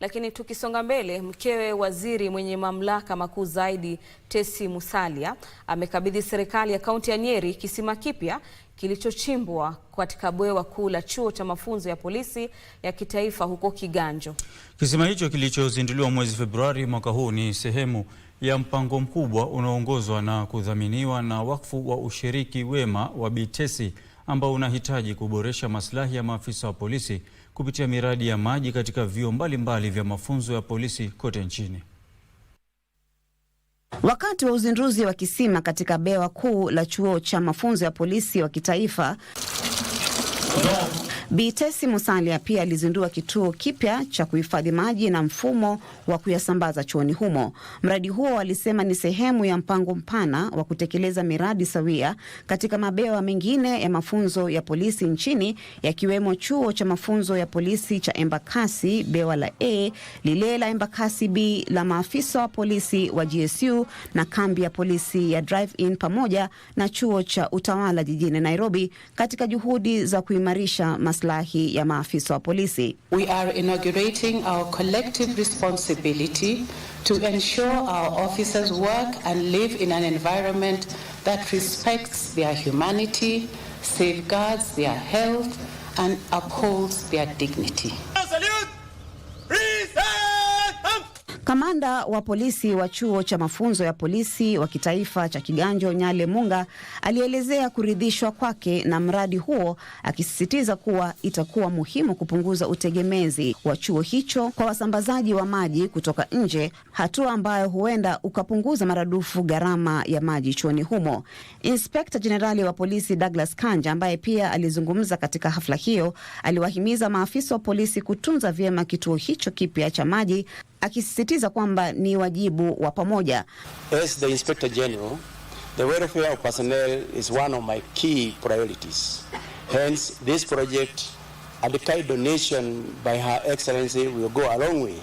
Lakini tukisonga mbele, mkewe waziri mwenye mamlaka makuu zaidi Tesi Musalia amekabidhi serikali ya kaunti ya Nyeri kisima kipya kilichochimbwa katika bwewa kuu la chuo cha mafunzo ya polisi ya kitaifa huko Kiganjo. Kisima hicho kilichozinduliwa mwezi Februari mwaka huu ni sehemu ya mpango mkubwa unaoongozwa na kudhaminiwa na wakfu wa ushiriki wema wa bitesi ambao unahitaji kuboresha maslahi ya maafisa wa polisi kupitia miradi ya maji katika vyuo mbalimbali vya mafunzo ya polisi kote nchini. Wakati wa uzinduzi wa kisima katika bewa kuu la chuo cha mafunzo ya polisi wa kitaifa no. Bi Musalia pia alizindua kituo kipya cha kuhifadhi maji na mfumo wa kuyasambaza chuoni humo. Mradi huo alisema ni sehemu ya mpango mpana wa kutekeleza miradi sawia katika mabewa mengine ya mafunzo ya polisi nchini yakiwemo chuo cha mafunzo ya polisi cha Embakasi bewa la A, lile la Embakasi B la maafisa wa polisi wa GSU na kambi ya polisi ya Drive-In pamoja na chuo cha utawala jijini Nairobi katika juhudi za kuimarisha maslahi ya maafisa wa polisi. We are inaugurating our collective responsibility to ensure our officers work and live in an environment that respects their humanity, safeguards their health and upholds their dignity. Kamanda wa polisi wa chuo cha mafunzo ya polisi wa kitaifa cha Kiganjo, Nyale Munga, alielezea kuridhishwa kwake na mradi huo, akisisitiza kuwa itakuwa muhimu kupunguza utegemezi wa chuo hicho kwa wasambazaji wa maji kutoka nje, hatua ambayo huenda ukapunguza maradufu gharama ya maji chuoni humo. Inspekta Jenerali wa polisi Douglas Kanja, ambaye pia alizungumza katika hafla hiyo, aliwahimiza maafisa wa polisi kutunza vyema kituo hicho kipya cha maji akisisitiza kwamba ni wajibu wa pamoja. As the Inspector General, the welfare of personnel is one of my key priorities. Hence, this project and the kind donation by Her Excellency will go a long way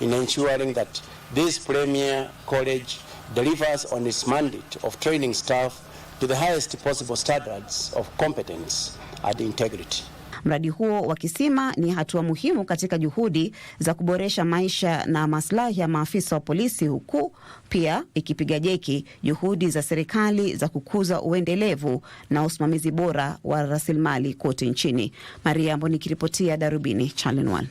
in ensuring that this premier college delivers on its mandate of training staff to the highest possible standards of competence and integrity. Mradi huo wa kisima ni hatua muhimu katika juhudi za kuboresha maisha na maslahi ya maafisa wa polisi, huku pia ikipiga jeki juhudi za serikali za kukuza uendelevu na usimamizi bora wa rasilimali kote nchini. Maria Amboni nikiripotia Darubini Channel